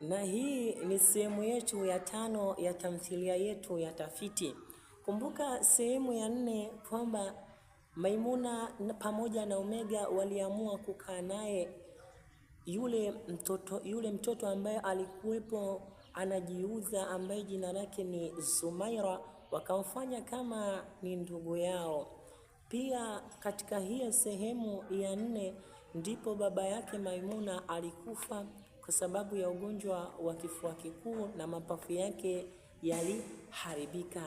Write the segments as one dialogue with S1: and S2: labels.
S1: Na hii ni sehemu yetu ya tano ya tamthilia yetu ya tafiti. Kumbuka sehemu ya nne kwamba Maimuna pamoja na Omega waliamua kukaa naye yule mtoto, yule mtoto ambaye alikuwepo anajiuza ambaye jina lake ni Zumaira, wakamfanya kama ni ndugu yao. Pia katika hiyo sehemu ya nne ndipo baba yake Maimuna alikufa kwa sababu ya ugonjwa wa kifua kikuu na mapafu yake yaliharibika.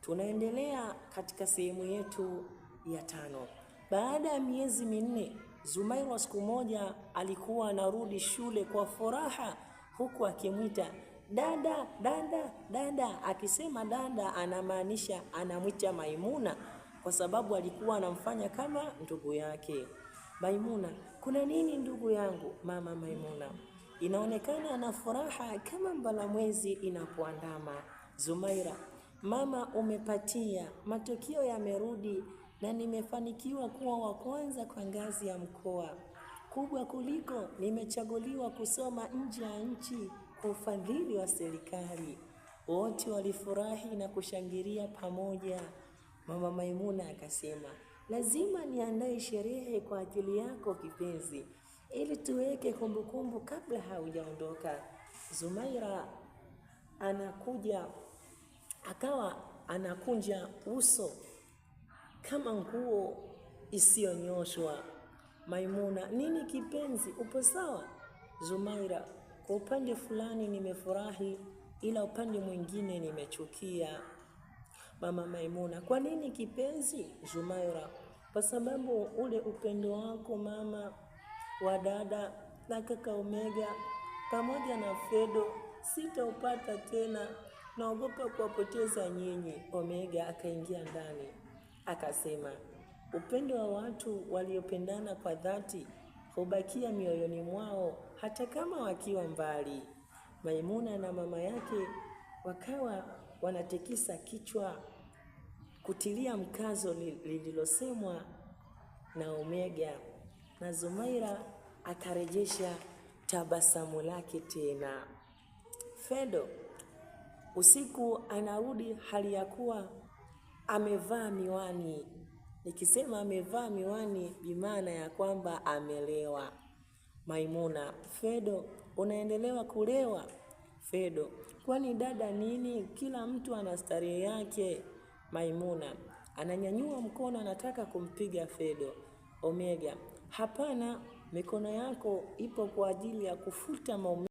S1: Tunaendelea katika sehemu yetu ya tano. Baada ya miezi minne, Zumaira siku moja alikuwa anarudi shule kwa furaha, huku akimwita dada, dada, dada. Akisema dada, anamaanisha anamwita Maimuna kwa sababu alikuwa anamfanya kama ndugu yake. Maimuna, kuna nini ndugu yangu? Mama Maimuna inaonekana na furaha kama mbalamwezi inapoandama. Zumaira, mama umepatia, matukio yamerudi na nimefanikiwa kuwa wa kwanza kwa ngazi ya mkoa. Kubwa kuliko nimechaguliwa kusoma nje ya nchi kwa ufadhili wa serikali. Wote walifurahi na kushangilia pamoja. Mama Maimuna akasema, lazima niandae sherehe kwa ajili yako kipenzi ili tuweke kumbukumbu kabla haujaondoka. Zumaira anakuja akawa anakunja uso kama nguo isiyonyoshwa. Maimuna, nini kipenzi, upo sawa? Zumaira, kwa upande fulani nimefurahi, ila upande mwingine nimechukia. Mama Maimuna, kwa nini kipenzi? Zumaira, kwa sababu ule upendo wako mama dada na kaka Omega pamoja na Fredo sitaupata tena, naogopa kuwapoteza nyinyi. Omega akaingia ndani akasema, upendo wa watu waliopendana kwa dhati hubakia mioyoni mwao hata kama wakiwa mbali. Maimuna na mama yake wakawa wanatikisa kichwa kutilia mkazo lililosemwa na Omega na Zumaira akarejesha tabasamu lake tena. Fedo usiku anarudi hali ya kuwa amevaa miwani. Nikisema amevaa miwani, bimaana ya kwamba amelewa. Maimuna, Fedo unaendelewa kulewa? Fedo, kwani dada nini? Kila mtu ana starehe yake. Maimuna ananyanyua mkono, anataka kumpiga Fedo. Omega. Hapana, mikono yako ipo kwa ajili ya kufuta maumivu.